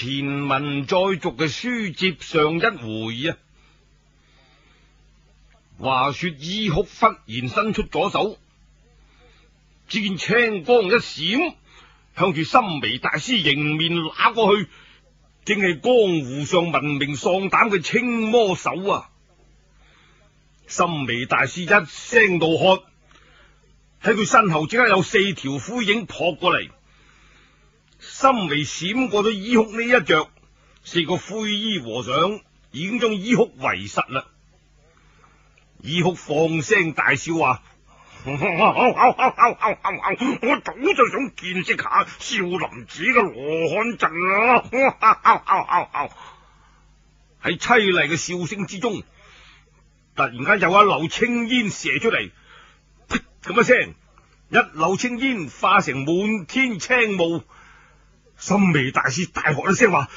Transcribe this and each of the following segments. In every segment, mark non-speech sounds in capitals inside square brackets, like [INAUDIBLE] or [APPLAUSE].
前文再續嘅書接上一回啊，話說伊哭忽然伸出咗手，只見青光一閃，向住心眉大師迎面揦過去，正係江湖上聞名喪膽嘅青魔手啊！心眉大師一聲怒喝，喺佢身後即刻有四條灰影撲過嚟。心眉閃過咗，衣哭呢一着，四個灰衣和尚已經將衣哭圍實啦。衣哭放聲大笑話、 [LAUGHS] 哦哦哦哦哦，我早就想見識下少林寺嘅羅漢陣啦！喺、 [LAUGHS] 哦哦哦哦、淒厲嘅笑聲之中，突然間有一縷青煙射出嚟，咁 [LAUGHS] 一聲，一縷青煙化成滿天青霧。心眉大師大喝一聲話：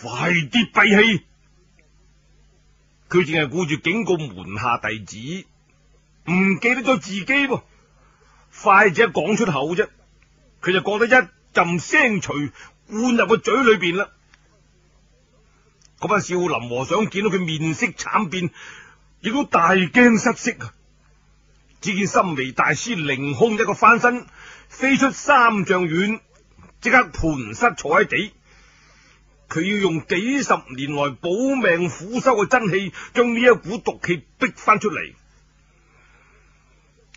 快啲閉氣！佢淨係顧住警告門下弟子，唔記得咗自己噃。快者講出口啫，佢就覺得一陣聲錘灌入個嘴裏邊啦。嗰班少林和尚見到佢面色慘變，亦都大驚失色啊！只見心眉大師凌空一個翻身，飛出三丈遠。即刻盤膝坐喺地，佢要用幾十年來保命苦修嘅真氣，將呢一股毒氣逼翻出嚟。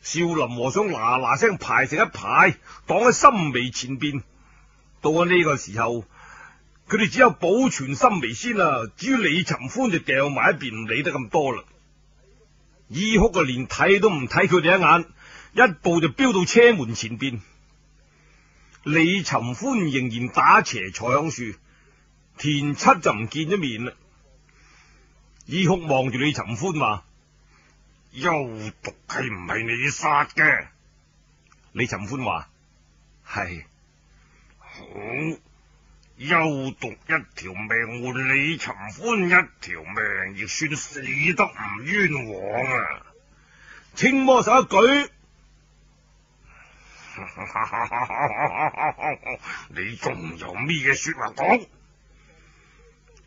少林和尚嗱嗱聲排成一排，擋喺心眉前邊。到咗呢個時候，佢哋只有保存心眉先啦。至於李尋歡就掉埋一邊，理得咁多啦。易哭嘅連睇都唔睇佢哋一眼，一步就飆到車門前邊。李尋歡仍然打斜坐響樹，田七就唔見咗面啦。依哭望住李尋歡話：幽毒係唔係你殺嘅？李尋歡話：係。好，幽毒一條命換李尋歡一條命，亦算死得唔冤枉啊！青魔手一舉。 [LAUGHS] 你仲有咩嘢說話講？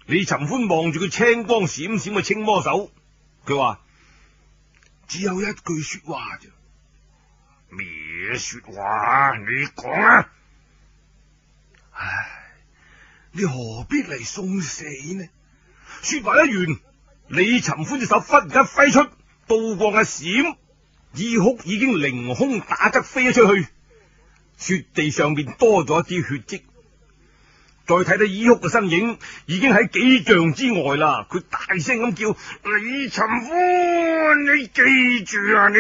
李尋歡望住佢青光閃閃嘅青魔手，佢話只有一句說話啫。咩說話？你講啊？唉，你何必嚟送死呢？說話一完，李尋歡隻手忽然間揮出，刀光一閃，伊哭已經凌空打側飛咗出去。雪地上邊多咗一啲血迹，再睇睇衣哭嘅身影已經喺幾丈之外啦。佢大聲咁叫：李尋歡，你記住啊！你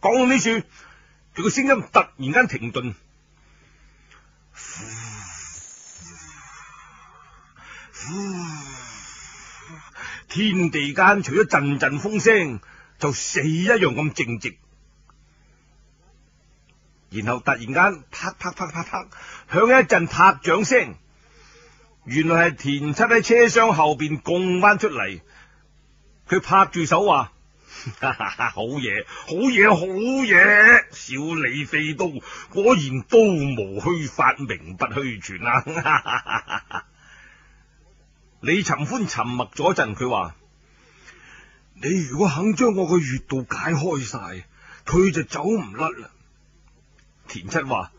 講到呢處，佢個聲音突然間停頓。 [LAUGHS] [LAUGHS] 天地間除咗陣陣風聲，就死一樣咁靜寂。然後突然間，啪啪啪啪啪，響一陣拍掌聲。原來係田七喺車廂後邊拱翻出嚟。佢拍住手話：哈哈哈哈，好嘢，好嘢，好嘢！小李飛刀果然刀無虛發，名不虛傳啊！哈哈哈哈。李尋歡沉默咗一陣，佢話：你如果肯將我個穴道解開晒，佢就走唔甩啦。田七話、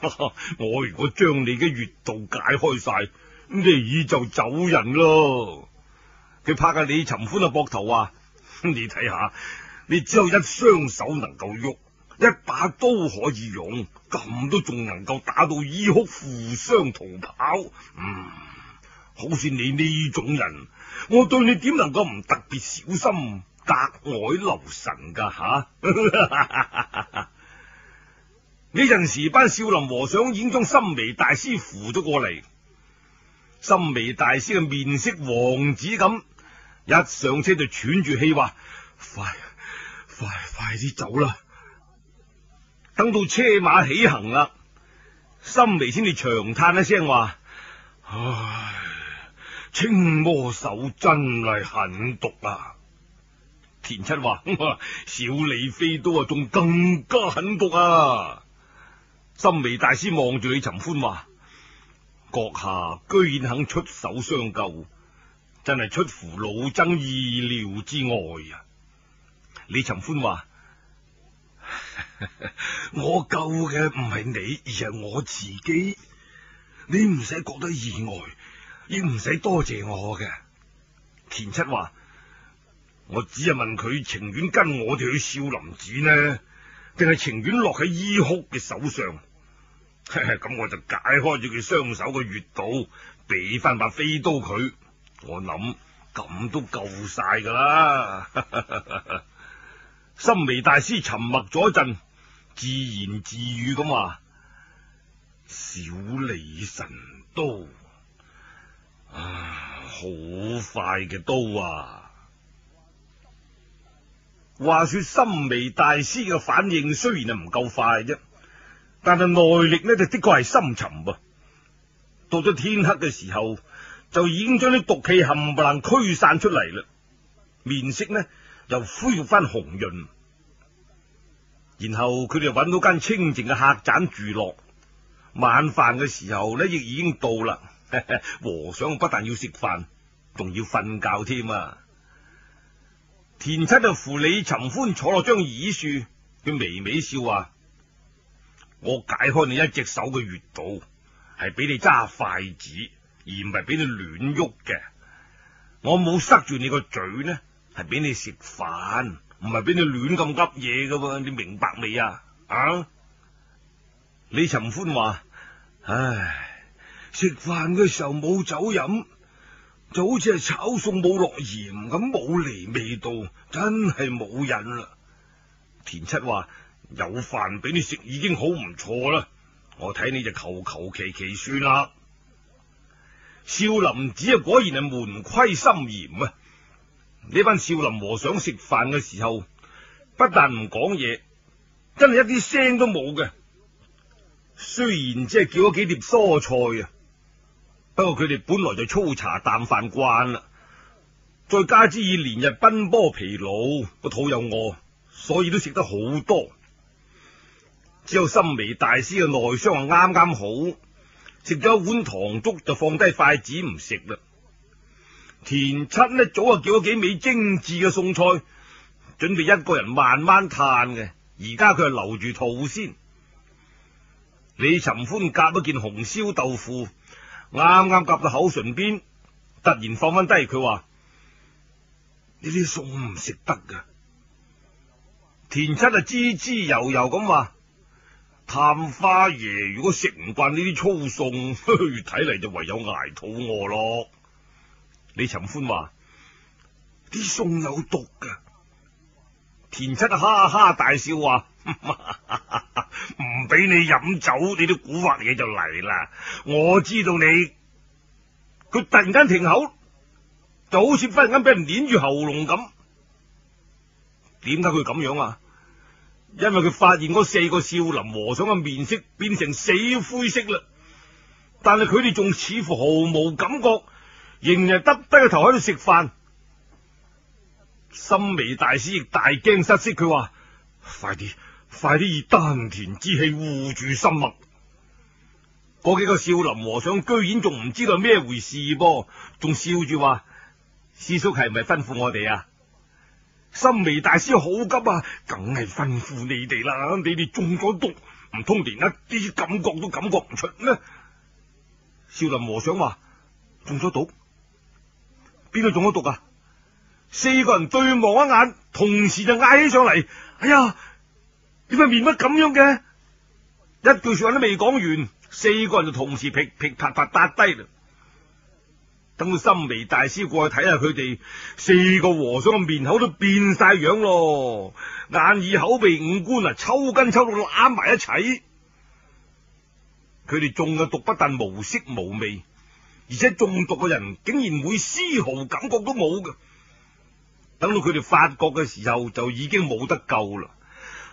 啊：我如果將你嘅穴道解開晒，你就走人咯。佢拍下李尋歡嘅膊頭話：你睇下，你只有一雙手能夠喐，一把刀可以用，咁都仲能夠打到衣哭互相逃跑。嗯，好似你呢種人，我對你點能夠唔特別小心、格外留神噶吓？啊 [LAUGHS] 呢陣時，班少林和尚已經將心眉大師扶咗過嚟。心眉大師嘅面色黃紫咁，一上車就喘住氣話：快快快啲走啦！等到車馬起行啦，心眉先至長嘆一聲話：唉，青魔手真係狠毒啊！田七話：小李飛刀啊，仲更加狠毒啊！心眉大師望住李尋歡話：閣下居然肯出手相救，真係出乎老僧意料之外啊！李尋歡話： [LAUGHS] 我救嘅唔係你，而係我自己。你唔使覺得意外，亦唔使多謝我嘅。田七話：我只係問佢情願跟我哋去少林寺呢，定係情願落喺伊哭嘅手上？咁 [LAUGHS] 我就解開咗佢雙手嘅穴道，俾翻把飛刀佢。我諗咁都夠晒噶啦。 [LAUGHS] 心眉大師沉默咗一陣，自言自語咁話：小李神刀啊，好快嘅刀啊！話說心眉大師嘅反應雖然係唔夠快啫。但係內力呢？就的確係深沉噃、啊。到咗天黑嘅時候，就已經將啲毒氣冚唪唥驅散出嚟。啦。面色呢又恢復翻紅潤。然後佢哋揾到間清靜嘅客棧住落。晚飯嘅時候呢，亦已經到啦。和尚不但要食飯，仲要瞓覺添啊！田七就扶李尋歡坐落張椅樹，佢微微笑話。我解開你一隻手嘅穴道，係俾你揸筷子，而唔係俾你亂喐嘅。我冇塞住你個嘴呢，係俾你食飯，唔係俾你亂咁噏嘢噶噃。你明白未啊？啊！李尋歡話：唉，食飯嘅時候冇酒飲，就好似係炒餸冇落鹽咁，冇嚟味道，真係冇癮啦。田七話。有飯俾你食已經好唔錯啦，我睇你就求求其其算啦。少林寺啊，果然係門規森嚴啊！呢班少林和尚食飯嘅時候，不但唔講嘢，真係一啲聲都冇嘅。雖然即係叫咗幾碟蔬菜啊，不過佢哋本來就粗茶淡飯慣啦，再加之以連日奔波疲勞，個肚又餓，所以都食得好多。只有心眉大師嘅內傷啊，啱啱好食咗一碗糖粥，就放低筷子唔食嘞。田七呢，早就叫咗幾味精致嘅餸菜，準備一個人慢慢嘆嘅。而家佢係留住肚先。李尋歡夾咗件紅燒豆腐，啱啱夾到口唇邊，突然放翻低，佢話呢啲餸唔食得噶。田七啊，滋滋悠悠咁話。探花爺如果食唔慣呢啲粗餸，睇嚟就唯有挨肚餓咯。李尋歡話：啲餸有毒㗎。田七哈哈大笑話：唔 [LAUGHS] 俾你飲酒，你啲古惑嘢就嚟啦。我知道你，佢突然間停口，就好似忽然間俾人捏住喉嚨咁。點解佢咁樣啊？因為佢發現嗰四個少林和尚嘅面色變成死灰色啦，但係佢哋仲似乎毫無感覺，仍然耷低個頭喺度食飯。心眉大師亦大驚失色，佢話：快啲，快啲！以丹田之氣護住心脈。嗰幾個少林和尚居然仲唔知道咩回事噃，仲笑住話：師叔係唔係吩咐我哋啊？心眉大師好急啊，梗係吩咐你哋啦。你哋中咗毒，唔通連一啲感覺都感覺唔出咩？少林和尚話：中咗毒，邊個中咗毒啊？四個人對望一眼，同時就嗌起上嚟：哎呀，點解面乜咁樣嘅？一句說話都未講完，四個人就同時劈劈啪啪打低啦。等到心眉大師過去睇下佢哋四個和尚嘅面口都變晒樣咯，眼耳口鼻五官啊，抽筋抽到攬埋一齊。佢哋中嘅毒不但無色無味，而且中毒嘅人竟然會絲毫感覺都冇嘅。等到佢哋發覺嘅時候，就已經冇得救啦。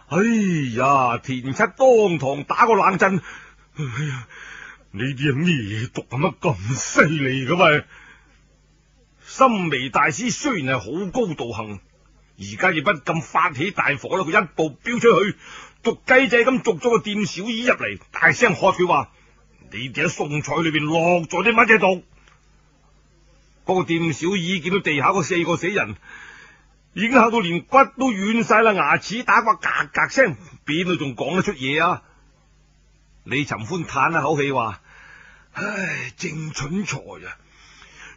哎呀，田七當堂打個冷震，哎呀！呢啲係咩毒啊？乜咁犀利噶喂！心眉大師雖然係好高道行，而家亦不禁發起大火啦。佢一步飆出去，捉雞仔咁捉咗個店小二入嚟，大聲喝佢話：你哋喺送菜裏邊落咗啲乜嘢毒？不過個店小二見到地下嗰四個死人，已經嚇到連骨都軟晒啦，牙齒打個嘎嘎聲，邊度仲講得出嘢啊？李尋歡嘆一口氣話。唉，正蠢材啊！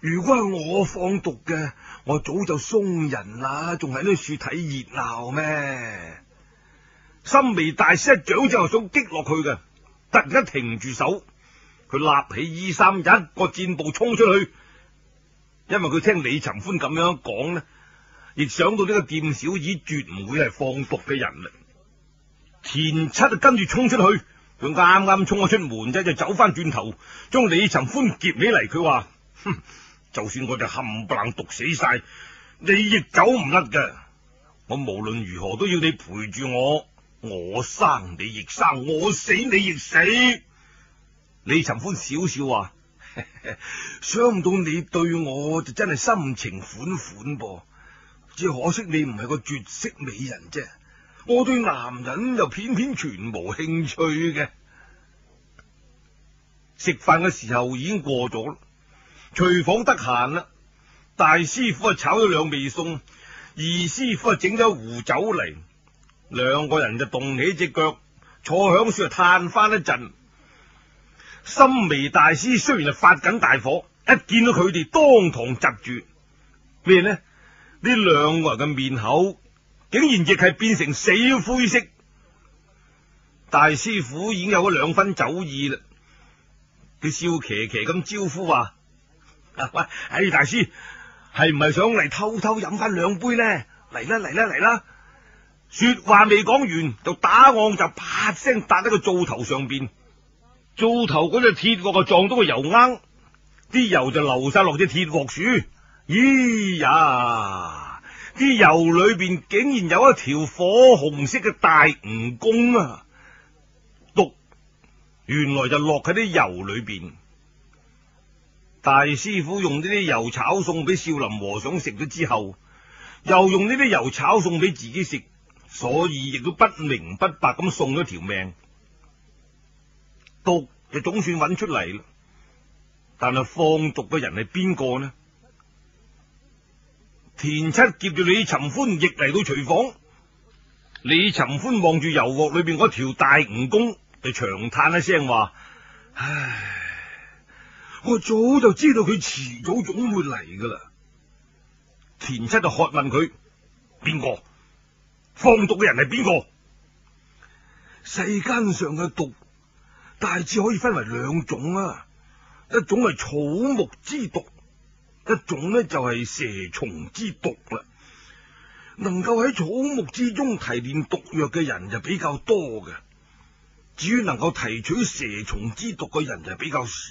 如果係我放毒嘅，我早就鬆人啦，仲喺呢樹睇熱鬧咩？心眉大師一掌就想擊落佢嘅，突然間停住手，佢立起衣衫，一個箭步衝出去。因為佢聽李尋歡咁樣講咧，亦想到呢個店小二絕唔會係放毒嘅人啦。田七就跟住衝出去。佢啱啱衝我出門仔，就走翻轉頭，將李尋歡劫起嚟。佢話：，哼，就算我就冚唪唥毒死晒，你亦走唔甩㗎。我無論如何都要你陪住我，我生你亦生，我死你亦死。李尋歡笑笑話：，想唔到你對我就真係深情款款噃，只可惜你唔係個絕色美人啫。我對男人又偏偏全無興趣嘅。食飯嘅時候已經過咗啦，廚房得閒啦，大師傅啊炒咗兩味餸，二師傅啊整咗壺酒嚟，兩個人就動起隻腳，坐響樹啊嘆翻一陣。心眉大師雖然係發緊大火，一見到佢哋當堂窒住，咩咧？呢兩個人嘅面口。竟然亦係變成死灰色，大師傅已經有咗兩分酒意啦。佢笑騎騎咁招呼話、啊，喂，唉、哎，大師係唔係想嚟偷偷飲翻兩杯呢？嚟啦嚟啦嚟啦！說話未講完，就打昂就啪聲搭喺個灶頭上邊，灶頭嗰隻鐵鑊就撞到個油罌，啲油就流晒落隻鐵鑊處。咦呀！啲油裏邊竟然有一條火紅色嘅大蜈蚣啊！毒原來就落喺啲油裏邊。大師傅用呢啲油炒餸俾少林和尚食咗之後，又用呢啲油炒餸俾自己食，所以亦都不明不白咁送咗條命。毒就總算揾出嚟啦，但係放毒嘅人係邊個呢？田七接住李尋歡，亦嚟到廚房。李尋歡望住油鑊裏邊條大蜈蚣，就長嘆一聲話：唉，我早就知道佢遲早總會嚟噶啦。田七就喝問佢：邊個放毒嘅人係邊個？世間上嘅毒大致可以分為兩種啊，一種係草木之毒。一種呢，就係蛇蟲之毒啦，能夠喺草木之中提煉毒藥嘅人就比較多嘅，至於能夠提取蛇蟲之毒嘅人就比較少，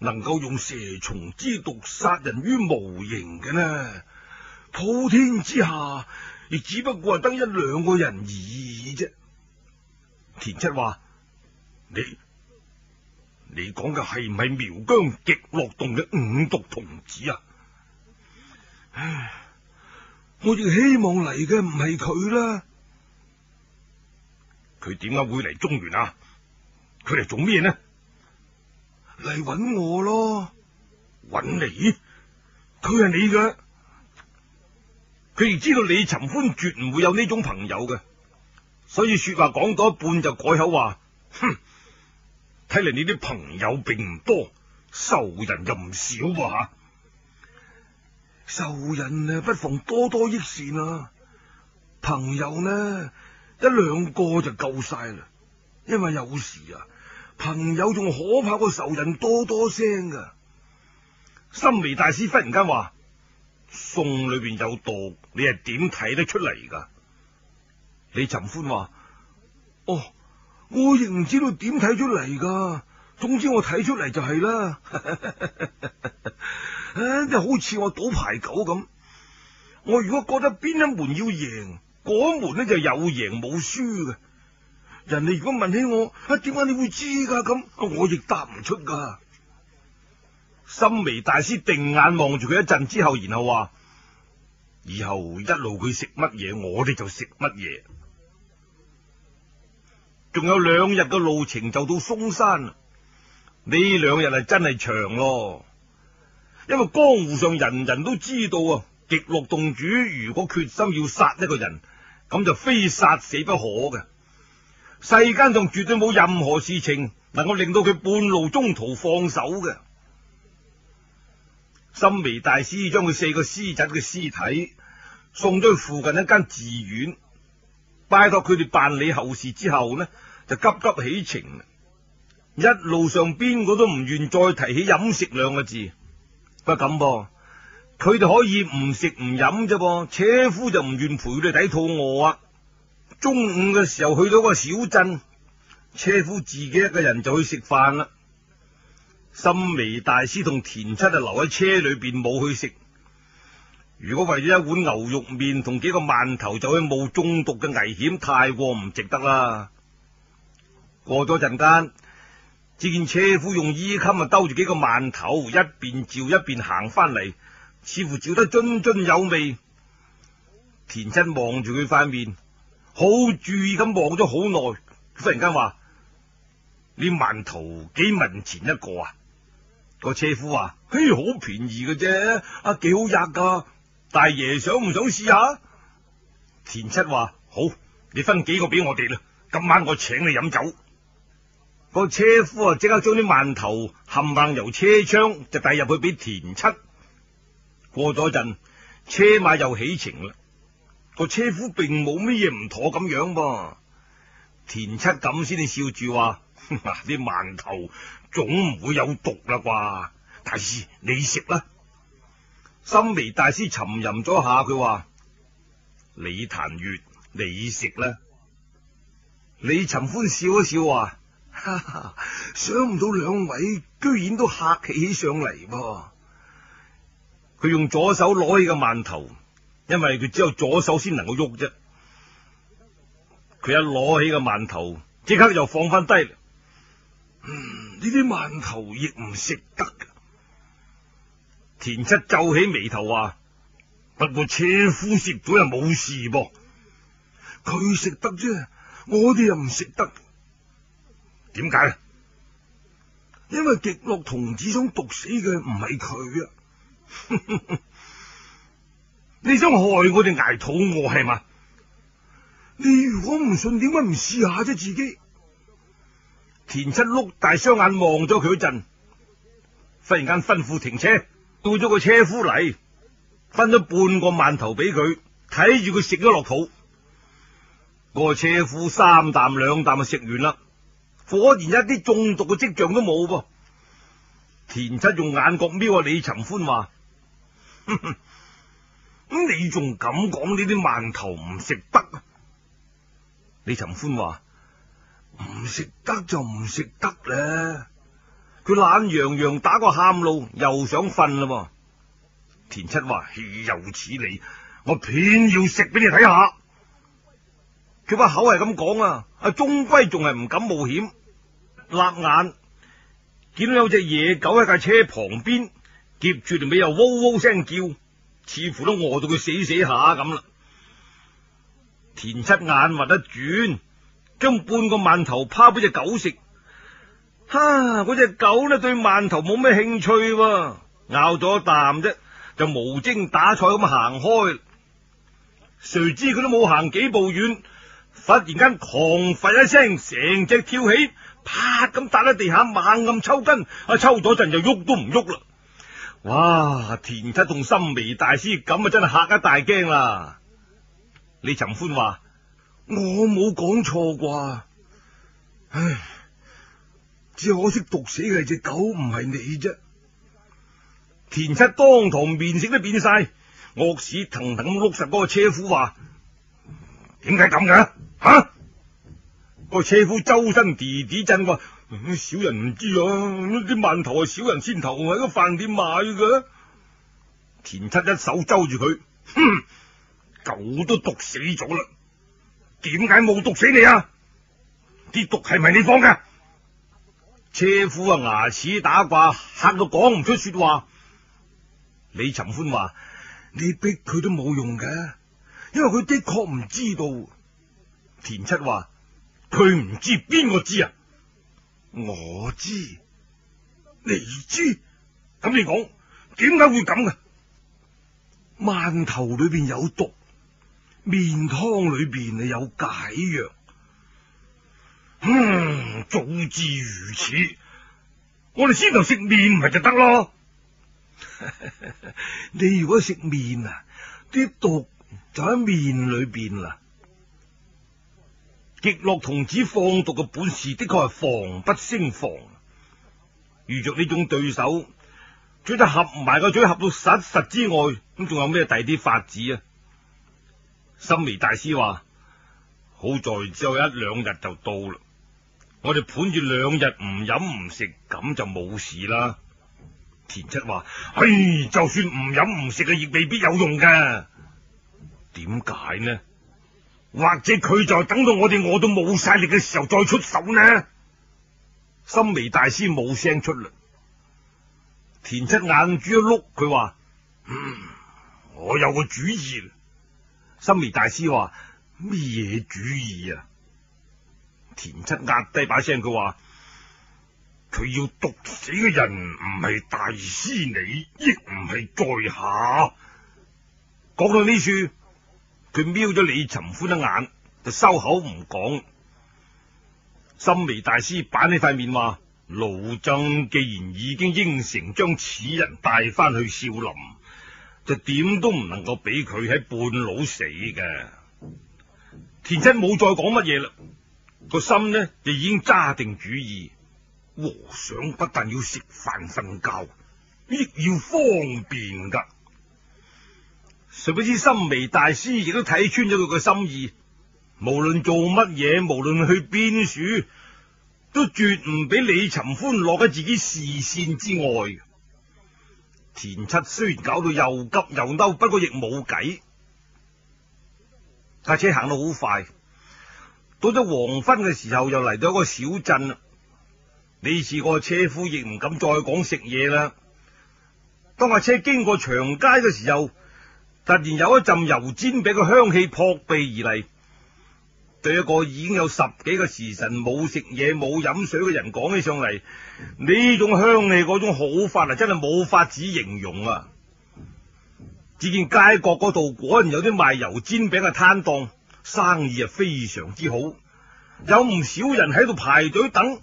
能夠用蛇蟲之毒殺人於無形嘅呢，普天之下亦只不過係得一兩個人而已啫。田七話：你。.你講嘅係唔係苗疆極樂洞嘅五毒童子啊？唉，我亦希望嚟嘅唔係佢啦。佢點解會嚟中原啊？佢嚟做咩呢？嚟揾我咯，揾你？佢係你嘅，佢亦知道李尋歡絕唔會有呢種朋友嘅，所以說話講到一半就改口話，哼。睇嚟你啲朋友並唔多，仇人又唔少喎吓。仇人啊，不妨多多益善啊。朋友呢，一兩個就夠晒啦。因為有時啊，朋友仲可怕過仇人多多聲噶。心眉大師忽然間話：，送裏邊有毒，你係點睇得出嚟噶？李尋歡話：，哦。我亦唔知道點睇出嚟噶總之我睇出嚟就係啦。誒，就好似我賭牌九咁，我如果覺得邊一門要贏，嗰門呢就有贏冇輸嘅。人哋如果問起我，啊，點解你會知噶？咁我亦答唔出噶心眉大師定眼望住佢一陣之後，然後話：以後一路佢食乜嘢，我哋就食乜嘢。仲有兩日嘅路程就到嵩山啦，呢兩日係真係長咯，因為江湖上人人都知道啊，極樂洞主如果決心要殺一個人，咁就非殺死不可嘅，世間仲絕對冇任何事情能夠令到佢半路中途放手嘅。心眉大師將佢四個師侄嘅屍體送咗去附近一間寺院。拜託佢哋辦理後事之後呢，就急急起程啦，一路上邊個都唔願再提起飲食兩個字，不咁噃，佢哋可以唔食唔飲啫噃。車夫就唔願陪佢哋抵肚餓啊。中午嘅時候去到個小鎮，車夫自己一個人就去食飯啦。心眉大師同田七就留喺車裏邊冇去食。如果為咗一碗牛肉麵同幾個饅頭就去冒中毒嘅危險，太過唔值得啦。過咗陣間，只見車夫用衣襟啊兜住幾個饅頭，一邊嚼一邊行翻嚟，似乎嚼得津津有味。田七望住佢塊面，好注意咁望咗好耐，忽然間話，呢饅頭幾文錢一個啊？個車夫話，嘿，好便宜㗎啫，啊，幾好食噶。大爺想唔想試下？田七話：好，你分幾個俾我哋啦。今晚我請你飲酒。個車夫啊，即刻將啲饅頭冚唪唥由車窗就帶入去俾田七。過咗陣，車馬又起程啦。個車夫並冇乜嘢唔妥咁樣噃。田七咁先至笑住話：啲饅頭總唔會有毒啦啩？大師，你食啦。心眉大師沉吟咗下，佢話：李譚月，你食咧？李尋歡笑一笑話哈哈：想唔到兩位居然都客氣起上嚟噃。佢用左手攞起個饅頭，因為佢只有左手先能夠喐啫。佢一攞起個饅頭，即刻就放翻低。嗯，呢啲饅頭亦唔食得。田七皺起眉頭話：不過車夫食咗又冇事噃，佢食得啫，我哋又唔食得。點解？因為極樂童子想毒死嘅唔係佢啊！ [LAUGHS] 你想害我哋挨肚餓係嘛？你如果唔信，點解唔試下啫？自己田七碌大雙眼望咗佢一陣，忽然間吩咐停車。到咗個車夫嚟，分咗半個饅頭俾佢，睇住佢食咗落肚。個車夫三啖兩啖就食完啦，果然一啲中毒嘅跡象都冇噃。田七用眼角瞄下、啊、李尋歡話：哼哼，咁你仲敢講呢啲饅頭唔食得？李尋歡話：唔食得就唔食得咧。佢懶洋洋打個喊路，又想瞓啦。田七話：豈有此理！我偏要食俾你睇下。佢把 [MUSIC] 口係咁講啊，阿終歸仲係唔敢冒險。辣眼見到有隻野狗喺架車旁邊，夾住條尾又嗚嗚聲叫，似乎都餓到佢死死下咁啦。 [MUSIC] 田七眼滑得轉，將半個饅頭拋俾隻狗食。哈！嗰隻、啊、狗咧對饅頭冇咩興趣、啊，咬咗一啖啫，就無精打采咁行開。誰知佢都冇行幾步遠，忽然間狂吠一聲，成隻跳起，啪咁打喺地下，猛咁抽筋，啊抽咗陣就喐都唔喐啦！哇！田七同心眉大師咁啊，就真係嚇一大驚啦！李尋歡話：我冇講錯啩，唉。只可惜毒死嘅係隻狗，唔係你啫。田七當堂面色都變晒，惡屎騰騰咁碌實嗰個車夫話：點解咁嘅？吓、啊！個車夫周身地地震，話、嗯：小人唔知、啊，啲、嗯、饅頭係小人先頭喺個飯店買嘅。田七一手揪住佢，哼，狗都毒死咗啦，點解冇毒死你啊？啲毒係咪你放嘅？車夫啊，牙齒打掛，嚇到講唔出說話。李尋歡話：你逼佢都冇用㗎，因為佢的確唔知道。田七話：佢唔知邊個知啊？我知，你知，咁你講，點解會咁嘅？饅頭裏邊有毒，麵湯裏邊啊有解藥。嗯，早知如此，我哋先頭食麵咪就得咯。 [LAUGHS] 你如果食麵啊，啲毒就喺麵裏邊啦。極樂童子放毒嘅本事的確係防不勝防，遇着呢種對手，除咗合埋個嘴合到實實之外，咁仲有咩第二啲法子啊？心眉大師話：好在只有一兩日就到啦。我哋盤住兩日唔飲唔食，咁就冇事啦。田七話：嘿，就算唔飲唔食啊，亦未必有用㗎。點解呢？或者佢就等到我哋餓到冇晒力嘅時候再出手呢？心眉大師冇聲出嚟。田七眼珠一碌，佢話：嗯，我有個主意啦。心眉大師話：咩嘢主意啊？田七壓低把聲，佢話：佢要毒死嘅人唔係大師你，亦唔係在下。講到呢處，佢瞄咗李尋歡一眼，就收口唔講。心眉大師板呢塊面話：老僧既然已經應承將此人帶翻去少林，就點都唔能夠俾佢喺半路死嘅。田七冇再講乜嘢啦。個心呢，就已經揸定主意。和尚不但要食飯瞓覺，亦要方便噶。誰不知心湄大師亦都睇穿咗佢嘅心意。無論做乜嘢，無論去邊處，都絕唔俾李尋歡落喺自己視線之外。田七雖然搞到又急又嬲，不過亦冇計。架車行得好快。到咗黃昏嘅時候，又嚟到一個小鎮啦。呢次個車夫亦唔敢再講食嘢啦。當架車經過長街嘅時候，突然有一陣油煎餅嘅香氣撲鼻而嚟，對一個已經有十幾個時辰冇食嘢、冇飲水嘅人講起上嚟，呢、嗯、種香氣、嗰種好法啊，真係冇法子形容啊！只見街角嗰度果然有啲賣油煎餅嘅攤檔。生意啊非常之好，有唔少人喺度排隊等，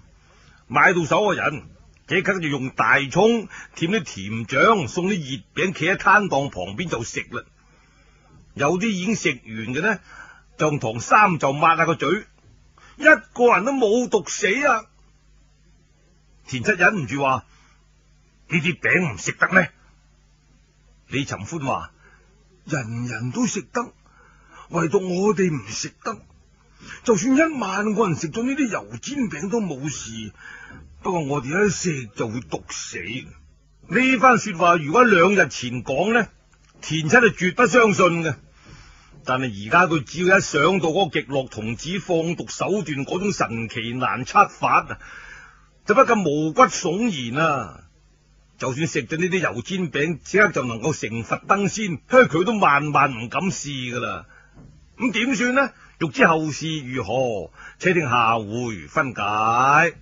買到手嘅人即刻就用大蔥添啲甜醬，送啲熱餅，企喺攤檔旁邊就食啦。有啲已經食完嘅呢，就用糖三就抹下個嘴，一個人都冇毒死啊！田七忍唔住話：呢啲餅唔食得咩？李尋歡話：人人都食得。唯獨我哋唔食得，就算一萬個人食咗呢啲油煎餅都冇事，不過我哋一食就會毒死。呢 [MUSIC] 番說話如果兩日前講呢，田七就絕不相信嘅。但係而家佢只要一想到嗰個極樂童子放毒手段嗰種神奇難測法，就不禁毛骨悚然啊！就算食咗呢啲油煎餅，即刻就能夠成佛登仙，佢都萬萬唔敢試噶啦。咁點算呢？欲知後事如何，且聽下回分解。